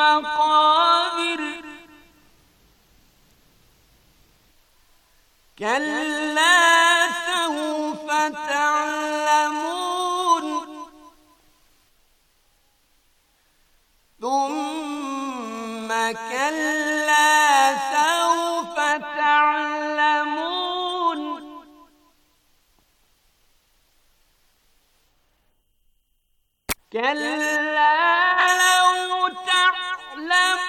المقابر كلا سوف تعلمون ثم كلا سوف تعلمون كلا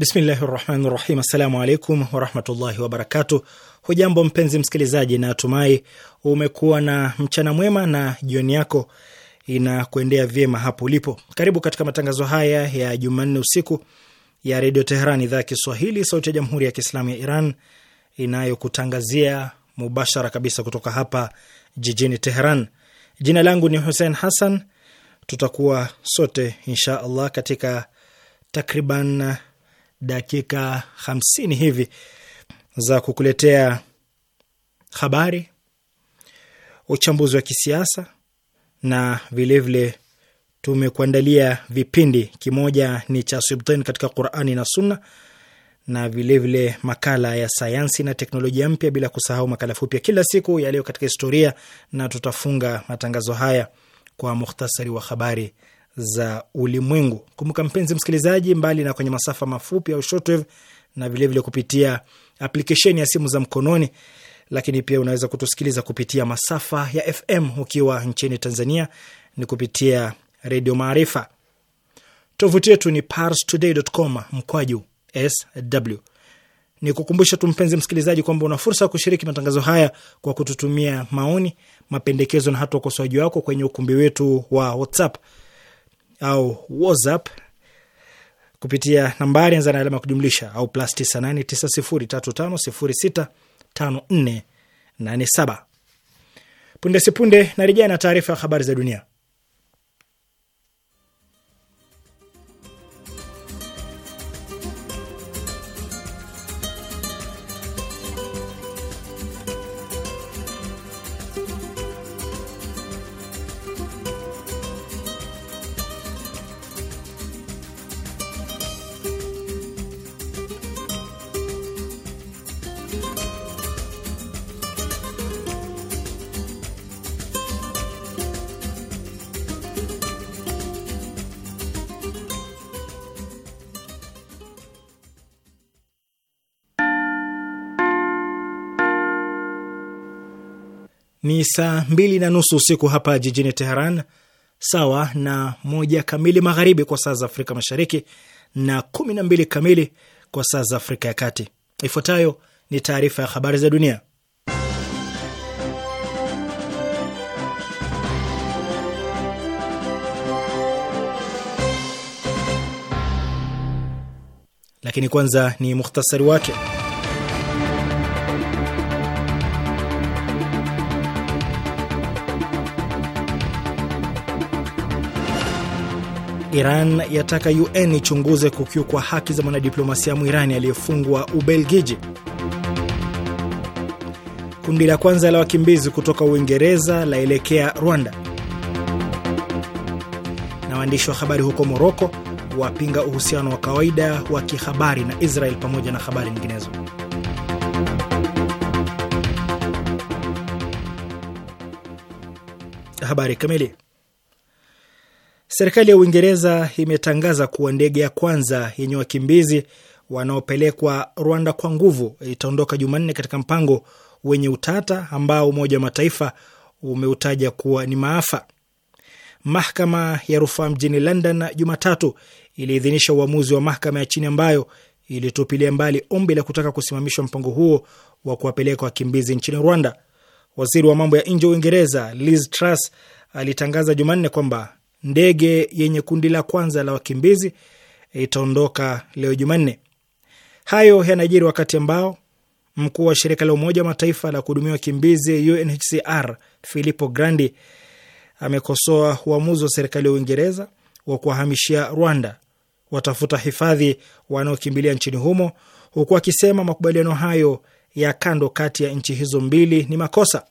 Bismillahi rahmani rahim. Assalamu alaikum warahmatullahi wabarakatu. Hujambo mpenzi msikilizaji, na atumai umekuwa na mchana mwema na jioni yako inakuendea vyema hapo ulipo. Karibu katika matangazo haya ya Jumanne usiku ya Redio Teheran, idhaa ya Kiswahili, sauti ya Jamhuri ya Kiislamu ya Iran inayokutangazia mubashara kabisa kutoka hapa jijini Teheran. Jina langu ni Hussein Hassan. Tutakuwa sote insha allah katika takriban dakika hamsini hivi za kukuletea habari, uchambuzi wa kisiasa na vilevile tumekuandalia vipindi. Kimoja ni cha Sibtain katika Qurani na Sunna na vilevile vile makala ya sayansi na teknolojia mpya, bila kusahau makala fupi ya kila siku yaliyo katika historia, na tutafunga matangazo haya kwa mukhtasari wa habari za ulimwengu. Kumbuka mpenzi msikilizaji, mbali na kwenye masafa mafupi au shortwave na vilevile vile kupitia aplikesheni ya simu za mkononi, lakini pia unaweza kutusikiliza kupitia masafa ya FM ukiwa nchini Tanzania ni kupitia Redio Maarifa. Tovuti yetu ni parstoday.com mkwaju sw. Ni kukumbusha tu mpenzi msikilizaji kwamba una fursa ya kushiriki matangazo haya kwa kututumia maoni, mapendekezo na hata ukosoaji wako kwenye ukumbi wetu wa WhatsApp au WhatsApp kupitia nambari anza na alama ya kujumlisha au plus 989035065487. Punde sipunde narejea na taarifa ya habari za dunia. ni saa mbili na nusu usiku hapa jijini Teheran, sawa na moja kamili magharibi kwa saa za Afrika Mashariki na kumi na mbili kamili kwa saa za Afrika ya Kati. Ifuatayo ni taarifa ya habari za dunia, lakini kwanza ni mukhtasari wake. Iran yataka UN ichunguze kukiukwa haki za mwanadiplomasia mwirani aliyefungwa Ubelgiji. Kundi la kwanza la wakimbizi kutoka Uingereza laelekea Rwanda. Na waandishi wa habari huko Moroko wapinga uhusiano wa kawaida wa kihabari na Israel, pamoja na habari nyinginezo. Habari kamili Serikali ya Uingereza imetangaza kuwa ndege ya kwanza yenye wakimbizi wanaopelekwa Rwanda kwa nguvu itaondoka Jumanne katika mpango wenye utata ambao Umoja wa Mataifa umeutaja kuwa ni maafa. Mahakama ya rufaa mjini London Jumatatu iliidhinisha uamuzi wa mahakama ya chini ambayo ilitupilia mbali ombi la kutaka kusimamishwa mpango huo wa kuwapeleka wakimbizi nchini Rwanda. Waziri wa mambo ya nje wa Uingereza Liz Truss alitangaza Jumanne kwamba ndege yenye kundi la kwanza la wakimbizi eh, itaondoka leo Jumanne. Hayo yanajiri wakati ambao mkuu wa shirika la Umoja wa Mataifa la kuhudumia wakimbizi UNHCR Filippo Grandi amekosoa uamuzi wa serikali ya Uingereza wa kuwahamishia Rwanda watafuta hifadhi wanaokimbilia nchini humo, huku akisema makubaliano hayo ya kando kati ya nchi hizo mbili ni makosa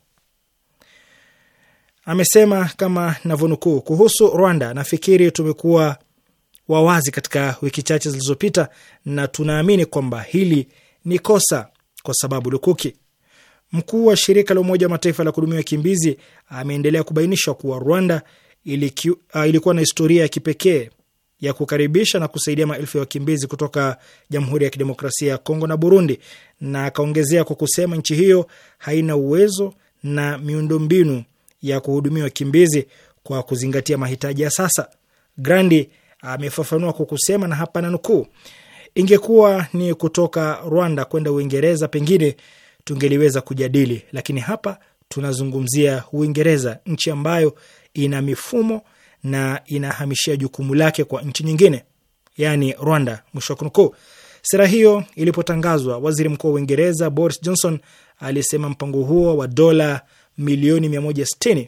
amesema kama navyonukuu, kuhusu Rwanda, nafikiri tumekuwa wawazi katika wiki chache zilizopita, na tunaamini kwamba hili ni kosa kwa sababu lukuki. Mkuu wa shirika la Umoja wa Mataifa la kuhudumia wakimbizi ameendelea kubainisha kuwa Rwanda iliki, uh, ilikuwa na historia ya kipekee ya kukaribisha na kusaidia maelfu ya wakimbizi kutoka Jamhuri ya Kidemokrasia ya Kongo na Burundi, na akaongezea kwa kusema nchi hiyo haina uwezo na miundombinu ya kuhudumia wakimbizi kwa kuzingatia mahitaji ya sasa. Grandi amefafanua kwa kusema, na hapa na nukuu, ingekuwa ni kutoka Rwanda kwenda Uingereza, pengine tungeliweza kujadili, lakini hapa tunazungumzia Uingereza, nchi ambayo ina mifumo na inahamishia jukumu lake kwa nchi nyingine, yaani Rwanda, mwisho wa kunukuu. Sera hiyo ilipotangazwa, waziri mkuu wa Uingereza Boris Johnson alisema mpango huo wa dola milioni 160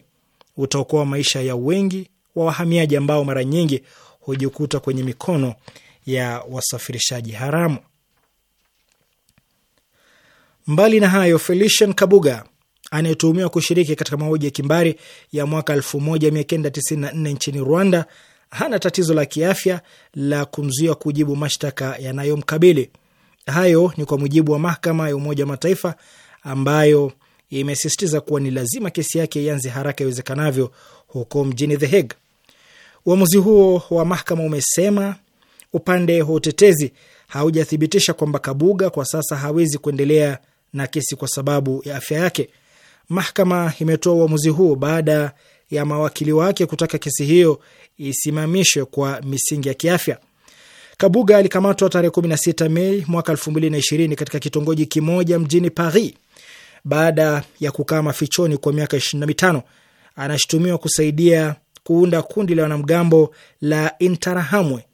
utaokoa maisha ya wengi wa wahamiaji ambao mara nyingi hujikuta kwenye mikono ya wasafirishaji haramu. Mbali na hayo, Felician Kabuga anayetuhumiwa kushiriki katika mauaji ya kimbari ya mwaka 1994 nchini Rwanda hana tatizo la kiafya la kumzuia kujibu mashtaka yanayomkabili. Hayo ni kwa mujibu wa mahakama ya Umoja wa Mataifa ambayo imesisitiza kuwa ni lazima kesi yake ianze haraka iwezekanavyo huko mjini The Hague. Uamuzi huo wa mahakama umesema upande wa utetezi haujathibitisha kwamba Kabuga kwa sasa hawezi kuendelea na kesi kwa sababu ya afya yake. Mahakama imetoa uamuzi huo baada ya mawakili wake kutaka kesi hiyo isimamishwe kwa misingi ya kiafya. Kabuga alikamatwa tarehe 16 Mei mwaka 2020 katika kitongoji kimoja mjini Paris baada ya kukaa mafichoni kwa miaka ishirini na mitano. Anashutumiwa kusaidia kuunda kundi la wanamgambo la Interahamwe,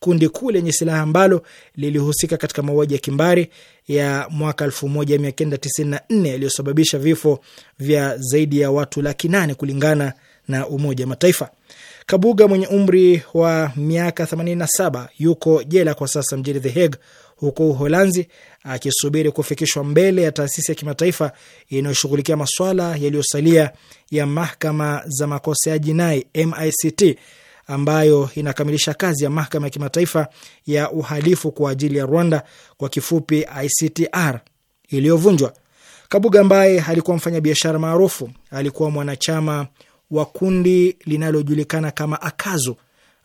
kundi kuu lenye silaha ambalo lilihusika katika mauaji ya kimbari ya mwaka 1994 yaliyosababisha vifo vya zaidi ya watu laki nane kulingana na Umoja Mataifa. Kabuga mwenye umri wa miaka 87 yuko jela kwa sasa mjini The Hague huko Uholanzi akisubiri kufikishwa mbele ya taasisi ya kimataifa inayoshughulikia maswala yaliyosalia ya mahakama za makosa ya jinai MICT ambayo inakamilisha kazi ya mahakama ya kimataifa ya uhalifu kwa ajili ya Rwanda kwa kifupi ICTR iliyovunjwa. Kabuga ambaye alikuwa mfanyabiashara maarufu, alikuwa mwanachama wa kundi linalojulikana kama Akazu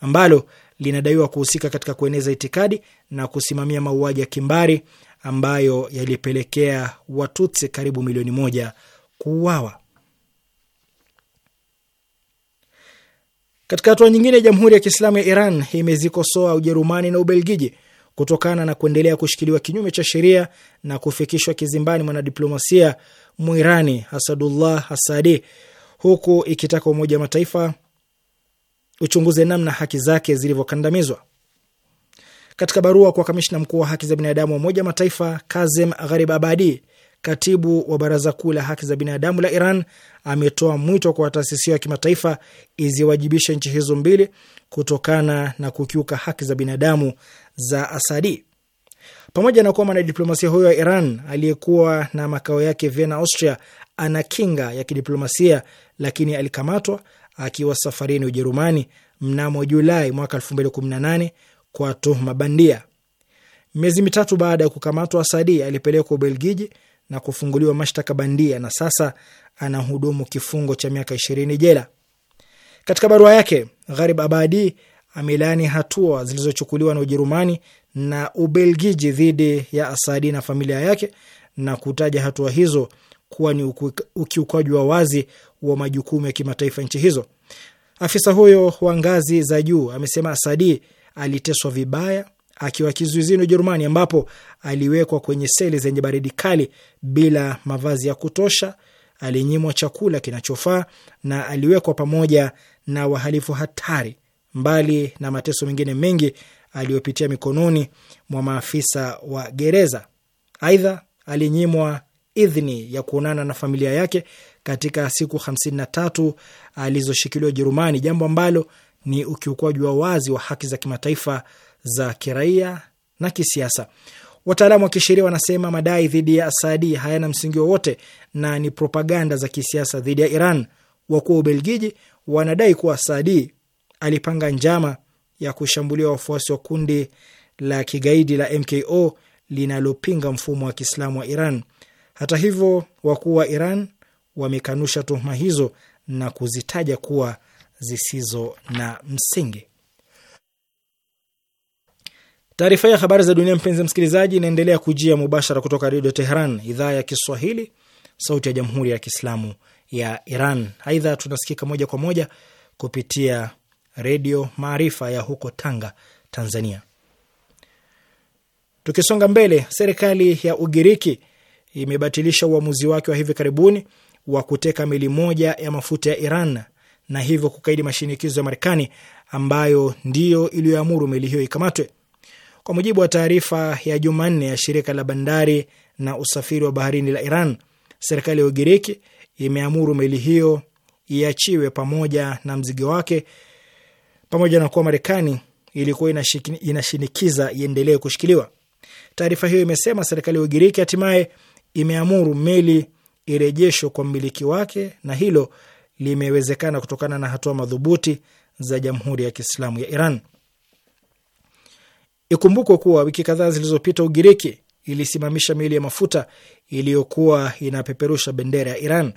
ambalo linadaiwa kuhusika katika kueneza itikadi na kusimamia mauaji ya kimbari ambayo yalipelekea Watutsi karibu milioni moja kuuawa. Katika hatua nyingine, Jamhuri ya Kiislamu ya Iran imezikosoa Ujerumani na Ubelgiji kutokana na kuendelea kushikiliwa kinyume cha sheria na kufikishwa kizimbani mwanadiplomasia Muirani Asadullah Hasadi, huku ikitaka Umoja wa Mataifa uchunguze namna haki zake zilivyokandamizwa. Katika barua kwa kamishna mkuu wa haki za binadamu wa Umoja Mataifa Kazem Gharib Abadi, katibu wa Baraza Kuu la Haki za Binadamu la Iran ametoa mwito kwa taasisi ya kimataifa iziwajibishe nchi hizo mbili kutokana na kukiuka haki za binadamu za Asadi. Pamoja na kuwa mwanadiplomasia huyo wa Iran aliyekuwa na makao yake Vienna, Austria, ana kinga ya kidiplomasia, lakini alikamatwa akiwa safarini Ujerumani mnamo Julai mwaka 2018 kwa tuhuma bandia. Miezi mitatu baada ya kukamatwa, Sadi alipelekwa Ubelgiji na kufunguliwa mashtaka bandia na sasa anahudumu kifungo cha miaka ishirini jela. Katika barua yake, Gharib Abadi amelaani hatua zilizochukuliwa na Ujerumani na Ubelgiji dhidi ya Asadi na familia yake na kutaja hatua hizo kuwa ni ukiukaji wa wazi wa majukumu ya kimataifa nchi hizo. Afisa huyo wa ngazi za juu amesema Asadi aliteswa vibaya akiwa kizuizini Ujerumani, ambapo aliwekwa kwenye seli zenye baridi kali bila mavazi ya kutosha, alinyimwa chakula kinachofaa na aliwekwa pamoja na wahalifu hatari, mbali na mateso mengine mengi aliyopitia mikononi mwa maafisa wa gereza. Aidha, alinyimwa idhini ya kuonana na familia yake katika siku 53 alizoshikiliwa Ujerumani, jambo ambalo ni ukiukwaji wa wazi wa haki za kimataifa za kiraia na kisiasa. Wataalamu wa kisheria wanasema madai dhidi ya Asadi hayana msingi wowote na ni propaganda za kisiasa dhidi ya Iran. Wakuu wa Ubelgiji wanadai kuwa Asadi alipanga njama ya kushambulia wafuasi wa kundi la kigaidi la MKO linalopinga mfumo wa Kiislamu wa Iran. Hata hivyo, wakuu wa Iran wamekanusha tuhuma hizo na kuzitaja kuwa zisizo na msingi. Taarifa ya habari za dunia, mpenzi msikilizaji, inaendelea kujia mubashara kutoka Redio Tehran, idhaa ya Kiswahili, sauti ya Jamhuri ya Kiislamu ya Iran. Aidha, tunasikika moja kwa moja kupitia Redio Maarifa ya huko Tanga, Tanzania. Tukisonga mbele, serikali ya Ugiriki imebatilisha uamuzi wake wa hivi karibuni wa kuteka meli moja ya mafuta ya Iran na hivyo kukaidi mashinikizo ya Marekani ambayo ndiyo iliyoamuru meli hiyo ikamatwe. Kwa mujibu wa taarifa ya Jumanne ya shirika la bandari na usafiri wa baharini la Iran, serikali ya Ugiriki imeamuru meli hiyo iachiwe pamoja na mzigo wake, pamoja na kuwa Marekani ilikuwa inashinikiza iendelee kushikiliwa. Taarifa hiyo imesema serikali ya Ugiriki hatimaye imeamuru meli irejeshwe kwa mmiliki wake, na hilo limewezekana kutokana na hatua madhubuti za Jamhuri ya Kiislamu ya Iran. Ikumbukwe kuwa wiki kadhaa zilizopita Ugiriki ilisimamisha meli ya mafuta iliyokuwa inapeperusha bendera ya Iran.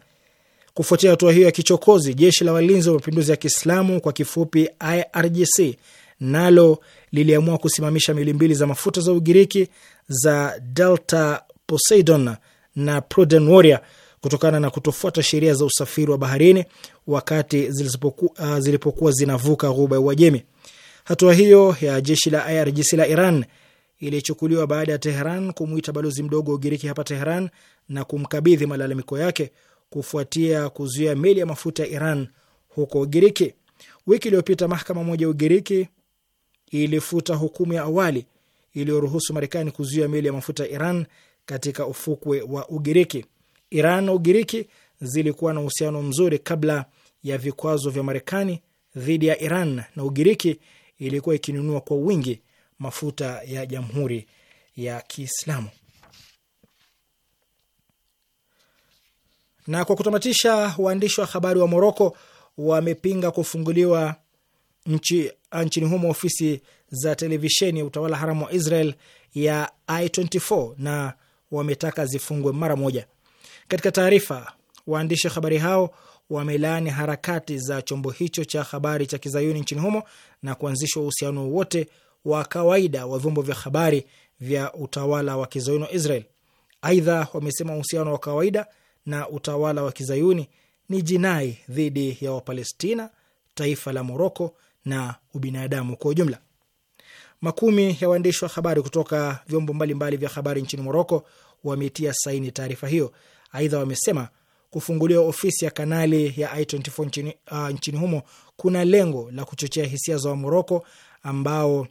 Kufuatia hatua hiyo ya kichokozi, jeshi la walinzi wa mapinduzi ya Kiislamu kwa kifupi IRGC nalo liliamua kusimamisha meli mbili za mafuta za Ugiriki za Delta Poseidon na Prudent Warrior kutokana na kutofuata sheria za usafiri wa baharini wakati zilipokuwa, uh, zilipokuwa zinavuka ghuba ya Uajemi. Hatua hiyo ya jeshi la IRGC la Iran ilichukuliwa baada ya Teheran kumwita balozi mdogo wa Ugiriki hapa Teheran na kumkabidhi malalamiko yake kufuatia kuzuia meli ya mafuta ya Iran huko Ugiriki. Wiki iliyopita mahakama moja ya Ugiriki ilifuta hukumu ya awali iliyoruhusu Marekani kuzuia meli ya mafuta ya Iran katika ufukwe wa Ugiriki. Iran na Ugiriki zilikuwa na uhusiano mzuri kabla ya vikwazo vya Marekani dhidi ya Iran, na Ugiriki ilikuwa ikinunua kwa wingi mafuta ya Jamhuri ya Kiislamu. Na kwa kutamatisha, waandishi wa habari wa Moroko wamepinga kufunguliwa nchi, nchini humo ofisi za televisheni ya utawala haramu wa Israel ya I24 na wametaka zifungwe mara moja. Katika taarifa, waandishi habari hao wamelaani harakati za chombo hicho cha habari cha kizayuni nchini humo na kuanzishwa uhusiano wowote wa kawaida wa vyombo vya habari vya utawala wa kizayuni wa Israel. Aidha, wamesema uhusiano wa kawaida na utawala wa kizayuni ni jinai dhidi ya Wapalestina, taifa la Moroko na ubinadamu kwa ujumla. Makumi ya waandishi wa habari kutoka vyombo mbalimbali mbali vya habari nchini Moroko wametia saini taarifa hiyo. Aidha, wamesema kufunguliwa ofisi ya kanali ya i24 nchini, uh, nchini humo kuna lengo la kuchochea hisia za Wamoroko ambao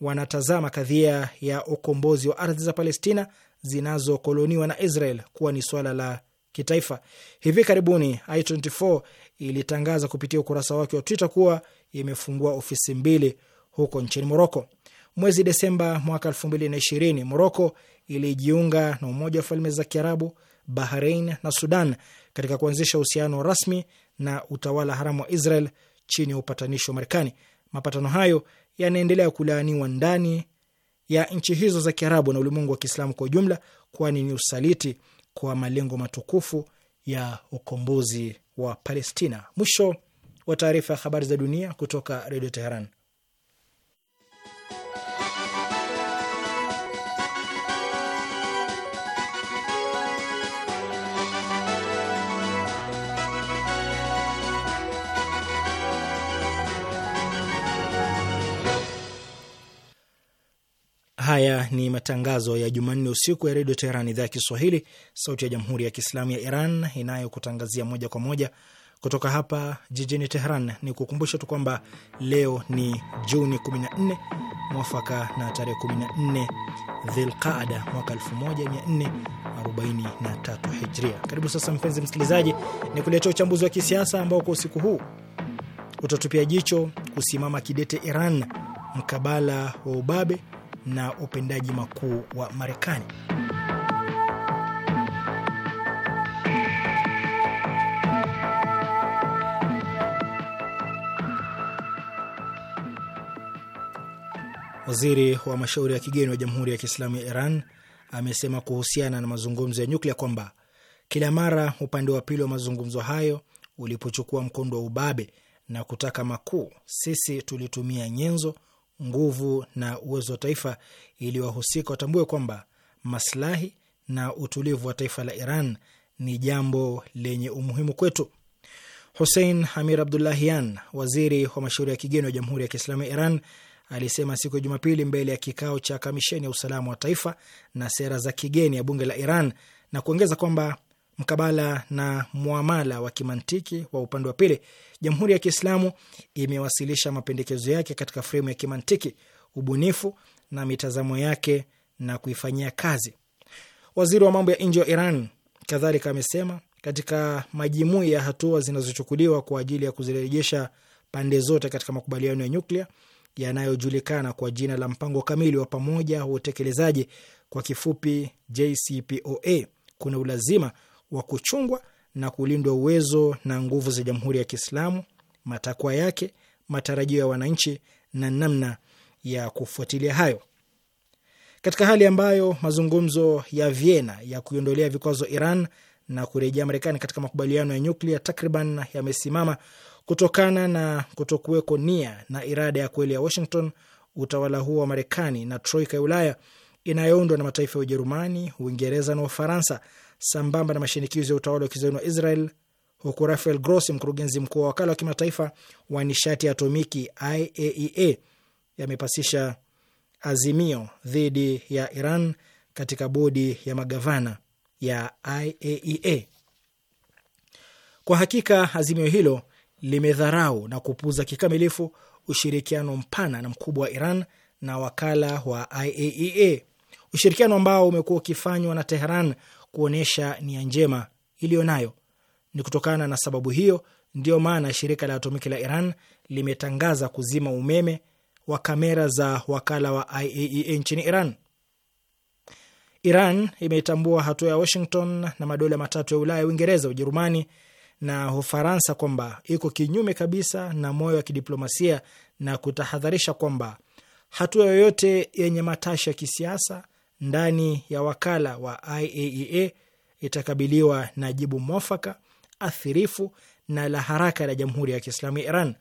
wanatazama kadhia ya ukombozi wa ardhi za Palestina zinazokoloniwa na Israel kuwa ni swala la kitaifa. Hivi karibuni i24 ilitangaza kupitia ukurasa wake wa Twitter kuwa imefungua ofisi mbili huko nchini Moroko. Mwezi Desemba mwaka 2020 Moroko ilijiunga na Umoja wa Falme za Kiarabu, Bahrain na Sudan katika kuanzisha uhusiano rasmi na utawala haramu wa Israel chini ya upatanishi wa Marekani. Mapatano hayo yanaendelea kulaaniwa ndani ya nchi hizo za Kiarabu na ulimwengu wa Kiislamu kwa ujumla, kwani ni usaliti kwa malengo matukufu ya ukombozi wa Palestina. Mwisho wa taarifa ya habari za dunia kutoka Redio Teheran. Haya ni matangazo ya Jumanne usiku ya redio Teheran, idhaa ya Kiswahili, sauti ya jamhuri ya kiislamu ya Iran inayokutangazia moja kwa moja kutoka hapa jijini Teheran. Ni kukumbusha tu kwamba leo ni Juni 14 mwafaka na tarehe 14 Dhilqaada mwaka 1443 Hijria. Karibu sasa, mpenzi msikilizaji, ni kuletea uchambuzi wa kisiasa ambao kwa usiku huu utatupia jicho kusimama kidete Iran mkabala wa ubabe na upendaji makuu wa Marekani. Waziri wa mashauri ya kigeni wa Jamhuri ya Kiislamu ya Iran amesema kuhusiana na mazungumzo ya nyuklia kwamba kila mara upande wa pili wa mazungumzo hayo ulipochukua mkondo wa ubabe na kutaka makuu, sisi tulitumia nyenzo nguvu na uwezo wa taifa ili wahusika watambue kwamba maslahi na utulivu wa taifa la Iran ni jambo lenye umuhimu kwetu. Hussein Hamir Abdullahian, waziri wa mashauri ya kigeni wa Jamhuri ya Kiislamu ya Iran, alisema siku ya Jumapili mbele ya kikao cha kamisheni ya usalama wa taifa na sera za kigeni ya bunge la Iran na kuongeza kwamba mkabala na mwamala wa kimantiki wa upande wa pili, Jamhuri ya Kiislamu imewasilisha mapendekezo yake katika fremu ya kimantiki, ubunifu na mitazamo yake na kuifanyia kazi. Waziri wa mambo ya nje wa Iran kadhalika amesema katika majimui ya hatua zinazochukuliwa kwa ajili ya kuzirejesha pande zote katika makubaliano ya nyuklia yanayojulikana kwa jina la mpango kamili wa pamoja wa utekelezaji, kwa kifupi JCPOA, kuna ulazima wa kuchungwa na kulindwa uwezo na nguvu za Jamhuri ya Kiislamu, matakwa yake, matarajio ya wananchi na namna ya kufuatilia hayo, katika hali ambayo mazungumzo ya Vienna ya kuiondolea vikwazo Iran na kurejea Marekani katika makubaliano ya nyuklia takriban yamesimama kutokana na kutokuweko nia na irada ya kweli ya Washington, utawala huo wa Marekani na troika ya Ulaya inayoundwa na mataifa ya Ujerumani, Uingereza na Ufaransa sambamba na mashinikizo ya utawala wa kizayuni wa Israel, huku Rafael Grossi, mkurugenzi mkuu wa wakala wa kimataifa wa nishati ya atomiki IAEA, e yamepasisha azimio dhidi ya Iran katika bodi ya magavana ya IAEA. E Kwa hakika azimio hilo limedharau na kupuza kikamilifu ushirikiano mpana na mkubwa wa Iran na wakala wa IAEA e ushirikiano ambao umekuwa ukifanywa na Teheran kuonyesha nia njema iliyo nayo. Ni kutokana na sababu hiyo ndiyo maana shirika la atomiki la Iran limetangaza kuzima umeme wa kamera za wakala wa IAEA e nchini Iran. Iran imetambua hatua ya Washington na madola matatu ya Ulaya, Uingereza, Ujerumani na Ufaransa kwamba iko kinyume kabisa na moyo wa kidiplomasia na kutahadharisha kwamba hatua yoyote yenye matashi ya kisiasa ndani ya wakala wa IAEA e itakabiliwa na jibu mwafaka, athirifu na la haraka la Jamhuri ya Kiislamu ya Iran.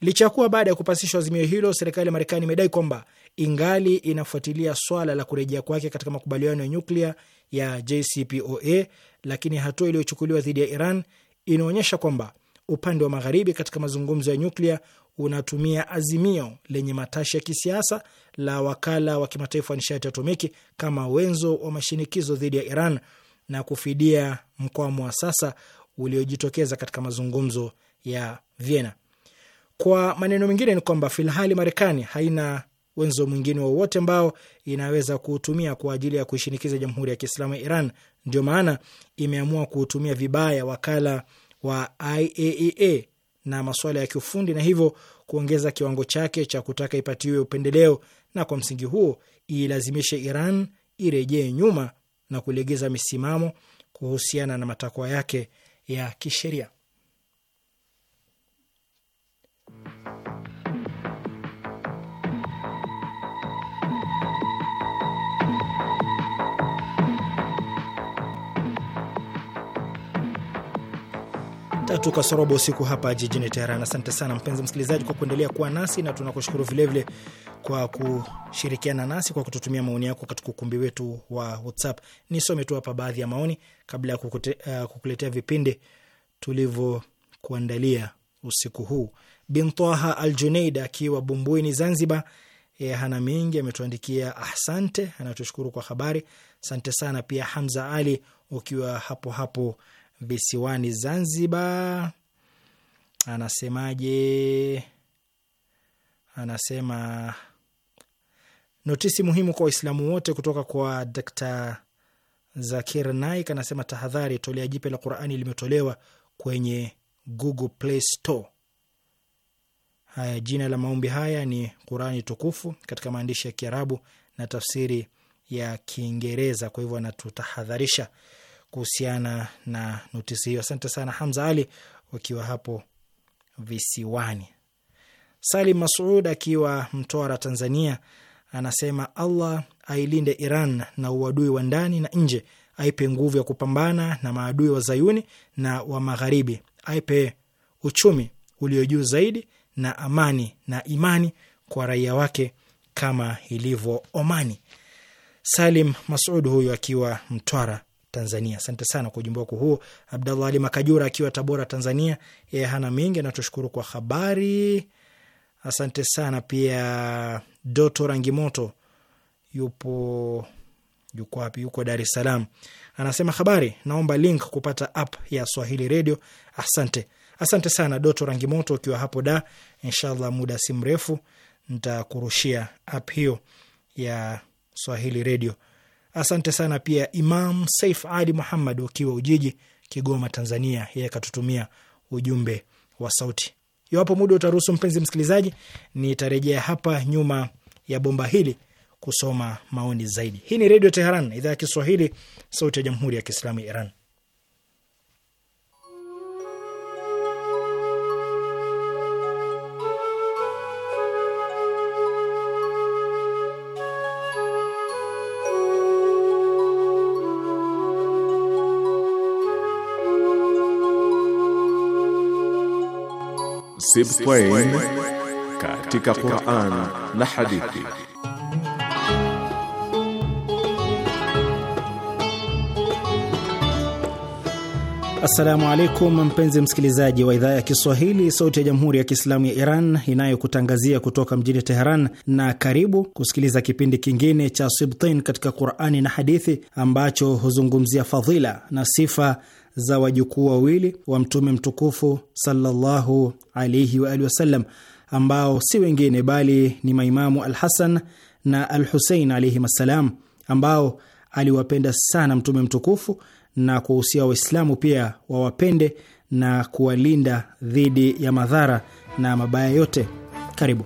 Licha kuwa baada ya kupasishwa azimio hilo, serikali ya Marekani imedai kwamba ingali inafuatilia swala la kurejea kwake katika makubaliano ya nyuklia ya JCPOA, lakini hatua iliyochukuliwa dhidi ya Iran inaonyesha kwamba upande wa magharibi katika mazungumzo ya nyuklia unatumia azimio lenye matashi ya kisiasa la wakala wa kimataifa wa nishati atomiki kama wenzo wa mashinikizo dhidi ya Iran na kufidia mkwamo wa sasa uliojitokeza katika mazungumzo ya Vienna. Kwa maneno mengine, ni kwamba filhali Marekani haina wenzo mwingine wowote ambao inaweza kuutumia kwa ajili ya kuishinikiza Jamhuri ya Kiislamu ya Iran. Ndio maana imeamua kuutumia vibaya wakala wa IAEA e na masuala ya kiufundi na hivyo kuongeza kiwango chake cha kutaka ipatiwe upendeleo, na kwa msingi huo ilazimishe Iran irejee nyuma na kulegeza misimamo kuhusiana na matakwa yake ya kisheria. tatu kasorobo usiku hapa jijini Teheran. Asante sana mpenzi msikilizaji kwa kuendelea kuwa nasi na tunakushukuru vilevile kwa kushirikiana nasi kwa kututumia maoni yako katika ukumbi wetu wa WhatsApp. Nisome tu hapa baadhi ya maoni kabla ya uh, kukuletea vipindi tulivyokuandalia usiku huu. Bintaha Al Juneid akiwa Bumbuini, Zanzibar, e, hana mengi ametuandikia. Asante, anatushukuru kwa habari. Asante sana pia Hamza Ali ukiwa hapo hapo visiwani Zanzibar. Anasemaje? Anasema notisi muhimu kwa Waislamu wote kutoka kwa Dr. Zakir Naik. Anasema tahadhari, tolea jipya la Qurani limetolewa kwenye Google Play Store. Haya, jina la maombi haya ni Qurani tukufu katika maandishi ya Kiarabu na tafsiri ya Kiingereza. Kwa hivyo anatutahadharisha kuhusiana na notisi hiyo. Asante sana Hamza Ali wakiwa hapo visiwani. Salim Masud akiwa Mtwara, Tanzania, anasema Allah ailinde Iran na uadui wa ndani na nje, aipe nguvu ya kupambana na maadui wa Zayuni na wa Magharibi, aipe uchumi ulio juu zaidi na amani na imani kwa raia wake kama ilivyo Omani. Salim Masud huyu akiwa Mtwara Tanzania. Asante sana kwa ujumbe wako huo, Abdallah Ali Makajura akiwa Tabora, Tanzania. Yeye hana mengi, anatushukuru kwa habari. Asante sana pia. Doto Rangimoto yupo yuko wapi? Yuko Dar es Salaam, anasema habari, naomba link kupata app ya Swahili Radio. Asante, asante sana Doto Rangimoto, ukiwa hapo da, inshallah muda si mrefu nitakurushia app hiyo ya Swahili Radio. Asante sana pia Imam Saif Ali Muhammad ukiwa Ujiji, Kigoma, Tanzania. Yeye akatutumia ujumbe wa sauti. Iwapo muda utaruhusu, mpenzi msikilizaji, nitarejea hapa nyuma ya bomba hili kusoma maoni zaidi. Hii ni Redio Teheran, idhaa ya Kiswahili, sauti ya Jamhuri ya Kiislamu ya Iran. Sibtain katika Qur'an na hadithi. Assalamu alaikum mpenzi msikilizaji wa idhaa ya Kiswahili sauti ya Jamhuri ya Kiislamu ya Iran inayokutangazia kutoka mjini Teheran, na karibu kusikiliza kipindi kingine cha Sibtain katika Qur'ani na hadithi ambacho huzungumzia fadhila na sifa za wajukuu wawili wa Mtume mtukufu sallallahu alaihi wa alihi wasallam ambao si wengine bali ni maimamu Al Hasan na Al Husein alaihim assalam, ambao aliwapenda sana Mtume mtukufu na kuwahusia Waislamu pia wawapende na kuwalinda dhidi ya madhara na mabaya yote. Karibu.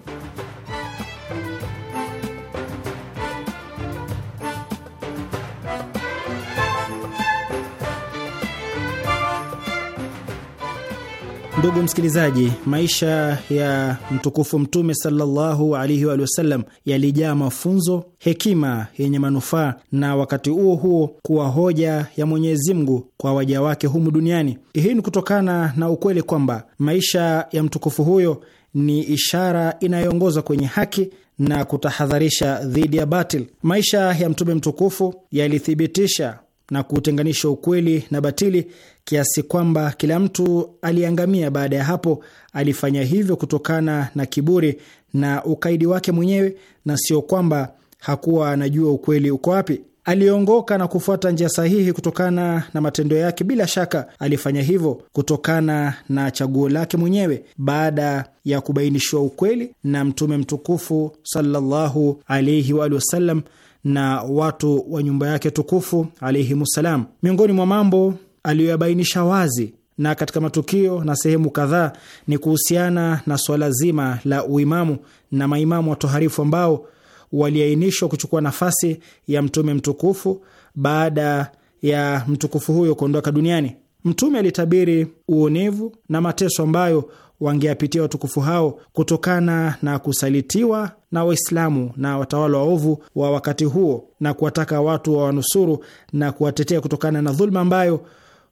Ndugu msikilizaji, maisha ya mtukufu Mtume sallallahu alaihi wa wasallam yalijaa mafunzo, hekima yenye manufaa na wakati huo huo kuwa hoja ya Mwenyezi Mungu kwa waja wake humu duniani. Hii ni kutokana na ukweli kwamba maisha ya mtukufu huyo ni ishara inayoongoza kwenye haki na kutahadharisha dhidi ya batil. Maisha ya Mtume mtukufu yalithibitisha na kutenganisha ukweli na batili kiasi kwamba kila mtu aliangamia. Baada ya hapo, alifanya hivyo kutokana na kiburi na ukaidi wake mwenyewe, na sio kwamba hakuwa anajua ukweli uko wapi. Aliongoka na kufuata njia sahihi kutokana na matendo yake. Bila shaka alifanya hivyo kutokana na chaguo lake mwenyewe baada ya kubainishiwa ukweli na Mtume mtukufu sallallahu alaihi waalihi wasallam na watu wa nyumba yake tukufu alaihimussalam. Miongoni mwa mambo aliyoyabainisha wazi na katika matukio na sehemu kadhaa ni kuhusiana na swala zima la uimamu na maimamu watoharifu ambao waliainishwa kuchukua nafasi ya mtume mtukufu baada ya mtukufu huyo kuondoka duniani. Mtume alitabiri uonevu na mateso ambayo wangeapitia watukufu hao kutokana na kusalitiwa na Waislamu na watawala waovu wa wakati huo na kuwataka watu wa wanusuru na kuwatetea kutokana na dhuluma ambayo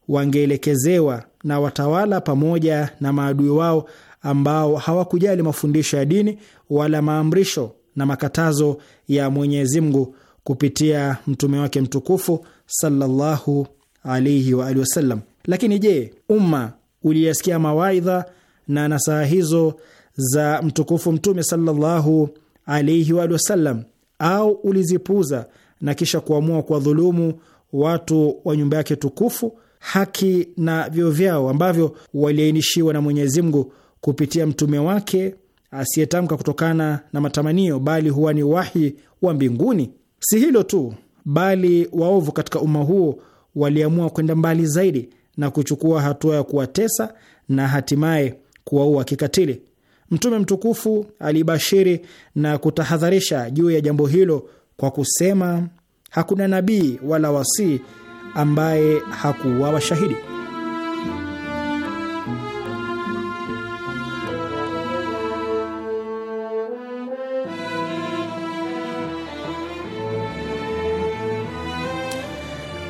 wangeelekezewa na watawala pamoja na maadui wao ambao hawakujali mafundisho ya dini wala maamrisho na makatazo ya Mwenyezi Mungu kupitia mtume wake mtukufu sallallahu alaihi wa alihi wasallam. Lakini je, umma uliyasikia mawaidha na nasaha hizo za mtukufu Mtume sallallahu alaihi wa sallam, au ulizipuuza na kisha kuamua kwa dhulumu watu wa nyumba yake tukufu haki na vyeo vyao ambavyo waliainishiwa na Mwenyezi Mungu kupitia mtume wake asiyetamka kutokana na matamanio, bali huwa ni wahi wa mbinguni. Si hilo tu, bali waovu katika umma huo waliamua kwenda mbali zaidi na kuchukua hatua ya kuwatesa na hatimaye kuwaua kikatili. Mtume mtukufu alibashiri na kutahadharisha juu ya jambo hilo kwa kusema, hakuna nabii wala wasii ambaye hakuuawa shahidi.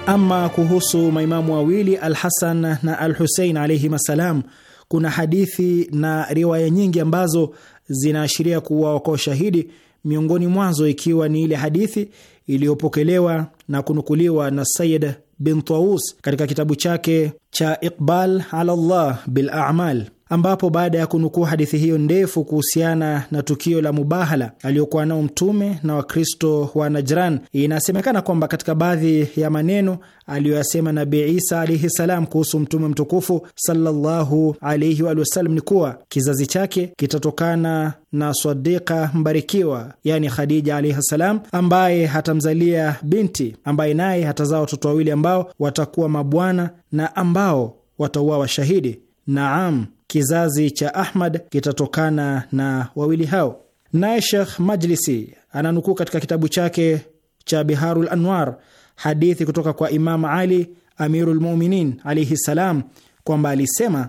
Ama kuhusu maimamu wawili alhasan na alhusein alaihim assalam kuna hadithi na riwaya nyingi ambazo zinaashiria kuuawa kwa shahidi, miongoni mwazo ikiwa ni ile hadithi iliyopokelewa na kunukuliwa na Sayyid bin Tawus katika kitabu chake cha Iqbal ala Allah bil A'mal ambapo baada ya kunukuu hadithi hiyo ndefu kuhusiana na tukio la mubahala aliyokuwa nao Mtume na Wakristo wa Najran, inasemekana kwamba katika baadhi ya maneno aliyoyasema Nabii Isa alaihi salam kuhusu Mtume mtukufu sallallahu alaihi wa sallam ni kuwa kizazi chake kitatokana na swadika mbarikiwa, yani Khadija alaihi salam, ambaye hatamzalia binti, ambaye naye hatazaa watoto wawili ambao watakuwa mabwana na ambao watauawa shahidi. Naam, kizazi cha Ahmad kitatokana na wawili hao. Naye Shekh Majlisi ananukuu katika kitabu chake cha Biharul Anwar hadithi kutoka kwa Imam Ali Amirul Muminin alaihi ssalam kwamba alisema,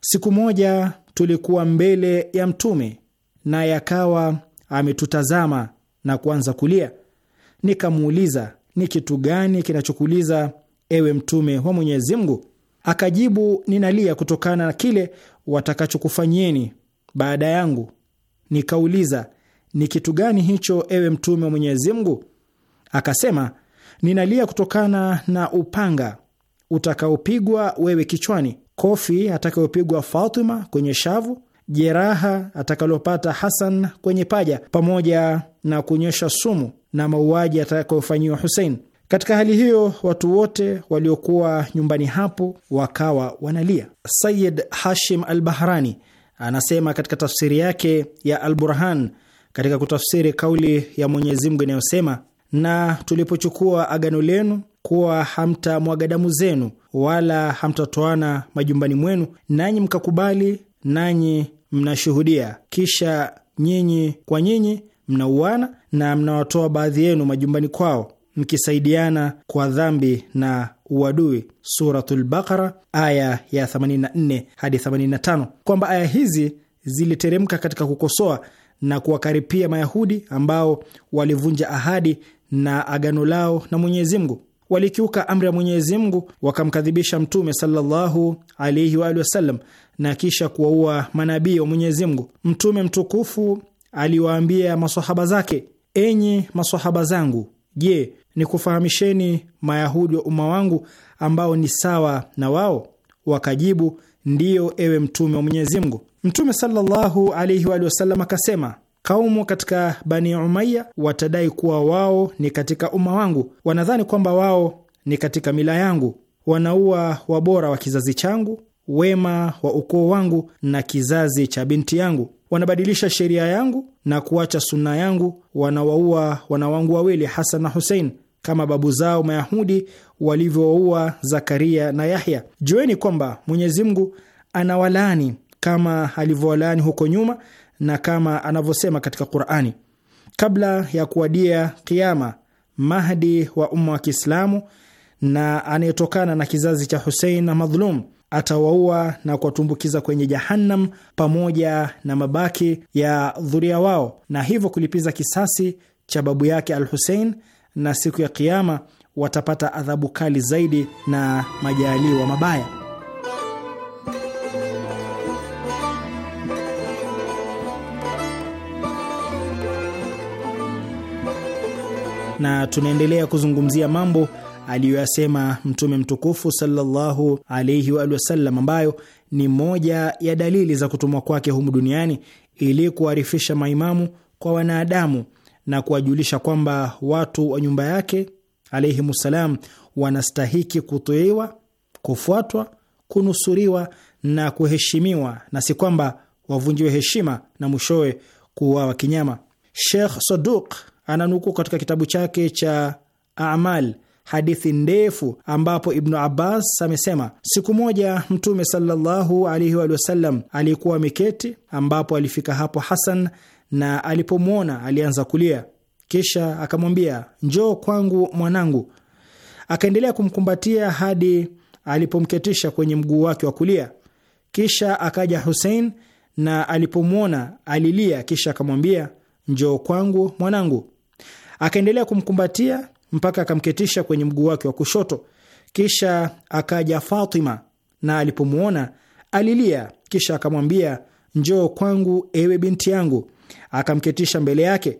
siku moja tulikuwa mbele ya Mtume naye akawa ametutazama na kuanza kulia. Nikamuuliza, ni kitu gani kinachokuliza ewe Mtume wa Mwenyezi Mungu? Akajibu, ninalia kutokana na kile watakachokufanyieni baada yangu. Nikauliza, ni kitu gani hicho, ewe Mtume wa Mwenyezi Mungu? Akasema, ninalia kutokana na upanga utakaopigwa wewe kichwani, kofi atakayopigwa Fatima kwenye shavu, jeraha atakalopata Hasan kwenye paja, pamoja na kunyesha sumu na mauaji atakayofanyiwa Husein. Katika hali hiyo watu wote waliokuwa nyumbani hapo wakawa wanalia. Sayid Hashim al Bahrani anasema katika tafsiri yake ya Al Burhan katika kutafsiri kauli ya Mwenyezi Mungu inayosema, na tulipochukua agano lenu kuwa hamtamwaga damu zenu wala hamtatoana majumbani mwenu, nanyi mkakubali, nanyi mnashuhudia, kisha nyinyi kwa nyinyi mnauana na mnawatoa baadhi yenu majumbani kwao mkisaidiana kwa dhambi na uadui, Suratul Baqara aya ya 84 hadi 85, kwamba aya hizi ziliteremka katika kukosoa na kuwakaripia Mayahudi ambao walivunja ahadi na agano lao na Mwenyezi Mungu. Walikiuka amri ya Mwenyezi Mungu, wakamkadhibisha Mtume sallallahu alaihi wa alihi wasallam, na kisha kuwaua manabii wa Mwenyezi Mungu. Mtume mtukufu aliwaambia masahaba zake, enyi masahaba zangu Je, ni kufahamisheni Mayahudi wa umma wangu ambao ni sawa na wao? Wakajibu, ndiyo, ewe Mtume wa Mwenyezi Mungu. Mtume sallallahu alaihi akasema Kaumu katika Bani Umaya watadai kuwa wao ni katika umma wangu, wanadhani kwamba wao ni katika mila yangu, wanaua wabora wa kizazi changu, wema wa ukoo wangu na kizazi cha binti yangu. Wanabadilisha sheria yangu na kuacha sunna yangu, wanawaua wana wangu wawili, Hasan na Husein, kama babu zao Mayahudi walivyowaua Zakaria na Yahya. Jueni kwamba Mwenyezi Mungu anawalaani kama alivyowalaani huko nyuma na kama anavyosema katika Qur'ani. Kabla ya kuwadia kiama, Mahdi wa umma wa Kiislamu na anayetokana na kizazi cha Husein na madhulum atawaua na kuwatumbukiza kwenye Jahannam pamoja na mabaki ya dhuria wao, na hivyo kulipiza kisasi cha babu yake Al Husein, na siku ya Kiama watapata adhabu kali zaidi na majaaliwa mabaya. na tunaendelea kuzungumzia mambo aliyoyasema Mtume mtukufu sallallahu alaihi wa wasallam, ambayo ni moja ya dalili za kutumwa kwake humu duniani ili kuwarifisha maimamu kwa wanadamu na kuwajulisha kwamba watu wa nyumba yake alaihimussalam wanastahiki kutuiwa kufuatwa, kunusuriwa na kuheshimiwa, na si kwamba wavunjiwe heshima na mwishowe kuuawa kinyama. Sheikh Saduq ananukuu katika kitabu chake cha Amal hadithi ndefu ambapo Ibnu Abbas amesema siku moja Mtume sallallahu alaihi wasallam alikuwa ameketi, ambapo alifika hapo Hasan na alipomwona alianza kulia, kisha akamwambia njoo kwangu mwanangu. Akaendelea kumkumbatia hadi alipomketisha kwenye mguu wake wa kulia. Kisha akaja Husein na alipomwona alilia, kisha akamwambia njoo kwangu mwanangu. Akaendelea kumkumbatia mpaka akamketisha kwenye mguu wake wa kushoto. Kisha akaja Fatima, na alipomwona alilia, kisha akamwambia, njoo kwangu ewe binti yangu. Akamketisha mbele yake,